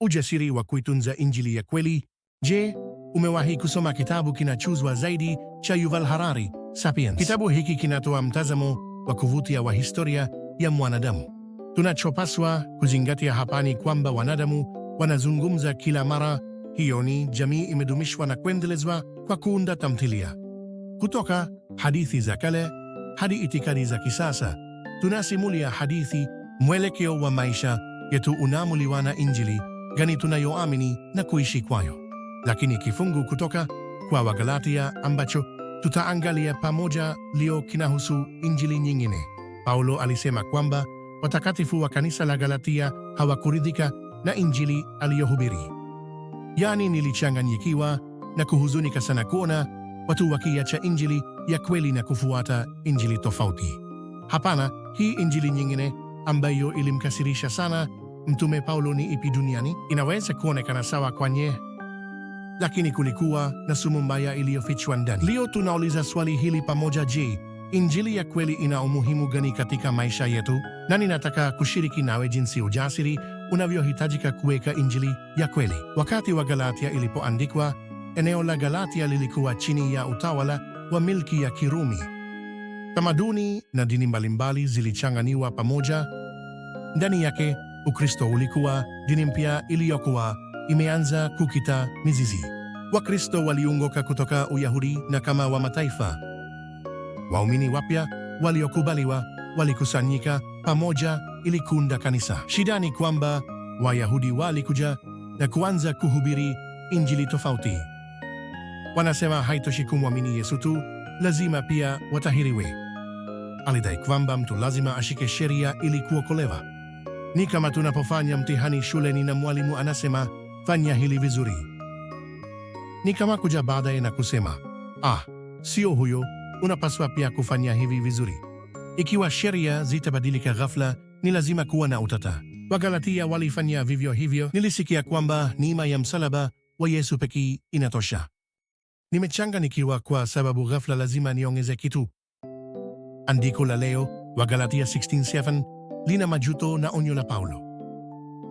Ujasiri wa kuitunza Injili ya kweli. Je, umewahi kusoma kitabu kinachuzwa zaidi cha Yuval Harari, Sapiens? Kitabu hiki kinatoa mtazamo wa kuvutia wa historia ya mwanadamu. Tunachopaswa kuzingatia hapa ni kwamba wanadamu wanazungumza kila mara, hiyo ni jamii imedumishwa na kuendelezwa kwa kuunda tamthilia. Kutoka hadithi za kale hadi itikadi za kisasa, tunasimulia hadithi, mwelekeo wa maisha yetu unaamuliwa na Injili gani tunayoamini na kuishi kwayo. Lakini kifungu kutoka kwa Wagalatia ambacho tutaangalia pamoja leo kinahusu injili nyingine. Paulo alisema kwamba watakatifu wa kanisa la Galatia hawakuridhika na injili aliyohubiri. yaani nilichanganyikiwa na kuhuzunika sana kuona watu wakiacha injili ya kweli na kufuata injili tofauti. Hapana, hii injili nyingine ambayo ilimkasirisha sana Mtume Paulo ni ipi duniani? Inaweza kuonekana sawa kwanye, lakini kulikuwa na sumu mbaya iliyofichwa ndani. Leo tunauliza swali hili pamoja. Je, injili ya kweli ina umuhimu gani katika maisha yetu? Na ninataka kushiriki nawe jinsi ujasiri unavyohitajika kuweka injili ya kweli. Wakati wa Galatia ilipoandikwa, eneo la Galatia lilikuwa chini ya utawala wa milki ya Kirumi. Tamaduni na dini mbalimbali zilichanganiwa pamoja ndani yake Ukristo ulikuwa dini mpya iliyokuwa imeanza kukita mizizi. Wakristo waliungoka kutoka Uyahudi na kama wa mataifa. Waumini wapya waliokubaliwa walikusanyika pamoja ili kuunda kanisa. Shida ni kwamba Wayahudi walikuja na kuanza kuhubiri injili tofauti. Wanasema haitoshi kumwamini Yesu tu, lazima pia watahiriwe. Alidai kwamba mtu lazima ashike sheria ili kuokolewa. Ni kama tunapofanya mtihani shuleni na mwalimu anasema fanya hili vizuri. Ni kama kuja baadaye na kusema ah, sio huyo, unapaswa pia kufanya hivi vizuri. Ikiwa sheria zitabadilika ghafla, ni lazima kuwa na utata. Wagalatia walifanya vivyo hivyo. Nilisikia kwamba neema ya msalaba wa Yesu pekee inatosha. nimechanga nikiwa kwa sababu ghafla lazima niongeze kitu. Andiko la leo, Wagalatia 16:7 lina majuto na onyo la Paulo.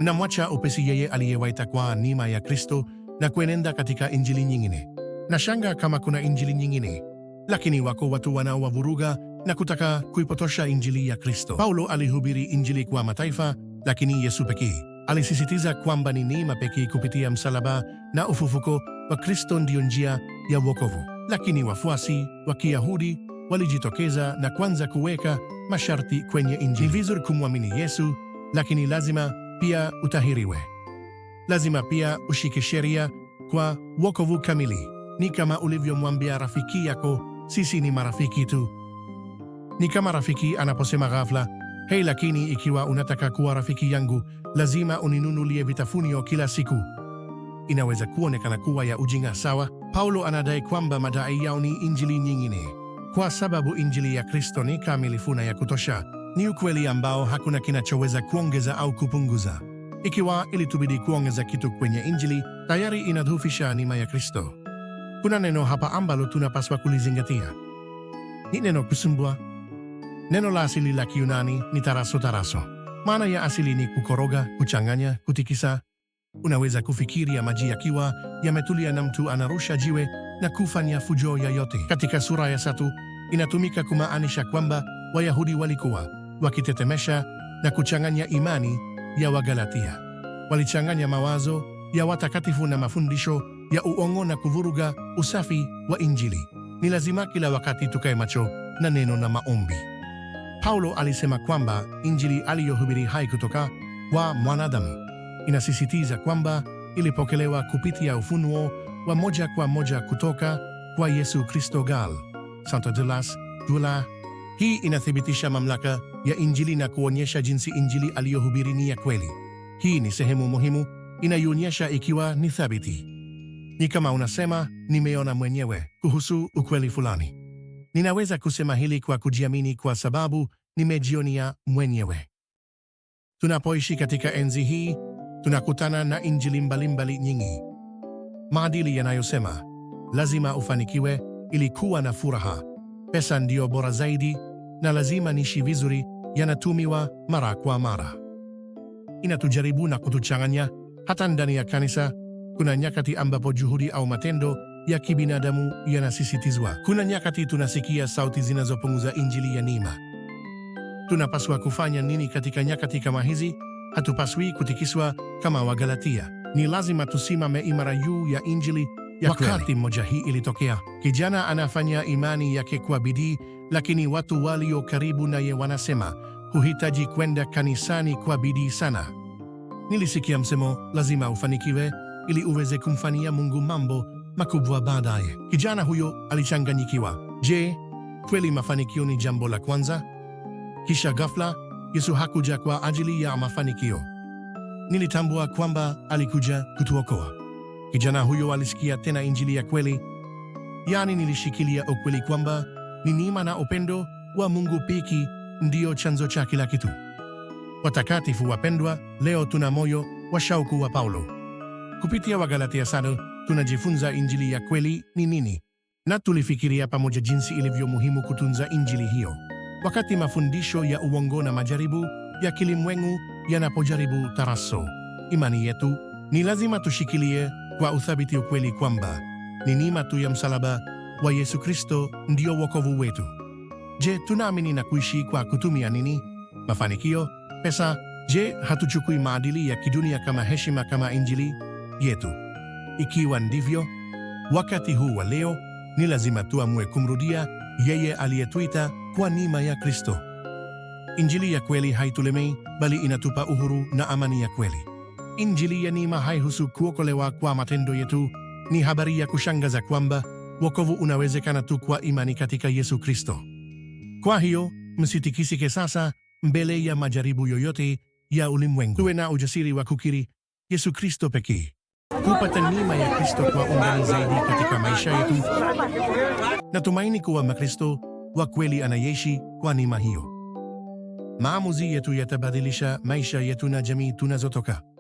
Namwacha upesi yeye aliyewaita kwa nima ya Kristo na kuenenda katika injili nyingine. Nashanga kama kuna injili nyingine, lakini wako watu wanaowavuruga na kutaka kuipotosha injili ya Kristo. Paulo alihubiri injili kwa mataifa, lakini Yesu pekee. Alisisitiza kwamba ni neema pekee kupitia msalaba na ufufuko wa Kristo ndiyo njia ya wokovu. Lakini wafuasi wa Kiyahudi walijitokeza na kwanza kuweka masharti kwenye Injili. Ni vizuri kumwamini Yesu, lakini lazima pia utahiriwe. Lazima pia ushike sheria kwa wokovu kamili. Ni kama ulivyomwambia rafiki yako, sisi ni marafiki tu. Ni kama rafiki anaposema ghafla, hei, lakini ikiwa unataka kuwa rafiki yangu, lazima uninunulie vitafunio kila siku. Inaweza kuonekana kuwa ya ujinga, sawa? Paulo anadai kwamba madai yao ni injili nyingine kwa sababu Injili ya Kristo ni kamilifu na ya kutosha. Ni ukweli ambao hakuna kinachoweza kuongeza au kupunguza. Ikiwa ilitubidi kuongeza kitu kwenye Injili, tayari inadhufisha nima ya Kristo. Kuna neno hapa ambalo tunapaswa kulizingatia, ni neno kusumbua. Neno la asili la Kiyunani ni taraso taraso. Maana ya asili ni kukoroga, kuchanganya, kutikisa. Unaweza kufikiria maji yakiwa yametulia na mtu anarusha jiwe na kufanya fujo yoyote. Katika sura ya satu inatumika kumaanisha kwamba Wayahudi walikuwa wakitetemesha na kuchanganya imani ya Wagalatia. Walichanganya mawazo ya watakatifu na mafundisho ya uongo na kuvuruga usafi wa Injili. Ni lazima kila wakati tukae macho na neno na maombi. Paulo alisema kwamba Injili aliyohubiri haikutoka kwa mwanadamu. Inasisitiza kwamba ilipokelewa kupitia ufunuo wa moja kwa moja kutoka kwa Yesu Kristo Gal Santo Dulas Dula. Hii inathibitisha mamlaka ya Injili na kuonyesha jinsi Injili aliyohubiri ni ya kweli. Hii ni sehemu muhimu inayoonyesha ikiwa ni thabiti. Ni kama unasema nimeona mwenyewe kuhusu ukweli fulani. Ninaweza kusema hili kwa kujiamini, kwa sababu nimejionia mwenyewe. Tunapoishi katika enzi hii, tunakutana na injili mbalimbali nyingi maadili yanayosema lazima ufanikiwe ili kuwa na furaha, pesa ndiyo bora zaidi, na lazima niishi vizuri yanatumiwa mara kwa mara. Inatujaribu na kutuchanganya. Hata ndani ya kanisa kuna nyakati ambapo juhudi au matendo ya kibinadamu yanasisitizwa. Kuna nyakati tunasikia sauti zinazopunguza injili ya neema. Tunapaswa kufanya nini katika nyakati kama hizi? Hatupaswi kutikiswa kama Wagalatia. Ni lazima tusimame imara juu ya Injili ya wakati mmoja hii ilitokea. Kijana anafanya imani yake kwa bidii, lakini watu walio karibu naye wanasema huhitaji kwenda kanisani kwa bidii sana. Nilisikia msemo, lazima ufanikiwe ili uweze kumfanyia Mungu mambo makubwa baadaye. Kijana huyo alichanganyikiwa. Je, kweli mafanikio ni jambo la kwanza? Kisha ghafla Yesu hakuja kwa ajili ya mafanikio nilitambua kwamba alikuja kutuokoa. Kijana huyo alisikia tena injili ya kweli, yaani nilishikilia ukweli kwamba ni neema na upendo wa Mungu piki ndiyo chanzo cha kila kitu. Watakatifu wapendwa, leo tuna moyo wa shauku wa Paulo. Kupitia Wagalatia sano tunajifunza injili ya kweli ni nini, na tulifikiria pamoja jinsi ilivyo muhimu kutunza injili hiyo wakati mafundisho ya uongo na majaribu ya kilimwengu yanapojaribu taraso imani yetu, ni lazima tushikilie kwa uthabiti ukweli kwamba ni neema tu ya msalaba wa Yesu Kristo ndio wokovu wetu. Je, tunaamini na kuishi kwa kutumia nini? Mafanikio? Pesa? Je, hatuchukui maadili ya kidunia kama heshima kama injili yetu? Ikiwa ndivyo, wakati huu wa leo ni lazima tuamue kumrudia yeye aliyetuita kwa neema ya Kristo. Injili ya kweli haitulemei, bali inatupa uhuru na amani ya kweli. Injili ya neema haihusu kuokolewa kwa matendo yetu. Ni habari ya kushangaza kwamba wokovu unawezekana tu kwa imani katika Yesu Kristo. Kwa hiyo, msitikisike sasa mbele ya majaribu yoyote ya ulimwengu. Tuwe na ujasiri wa kukiri Yesu Kristo pekee. Kupata neema ya Kristo kwa undani zaidi katika maisha yetu. Natumaini kuwa Mkristo wa kweli kwa neema hiyo. Maamuzi yetu yatabadilisha maisha yetu na jamii tunazotoka.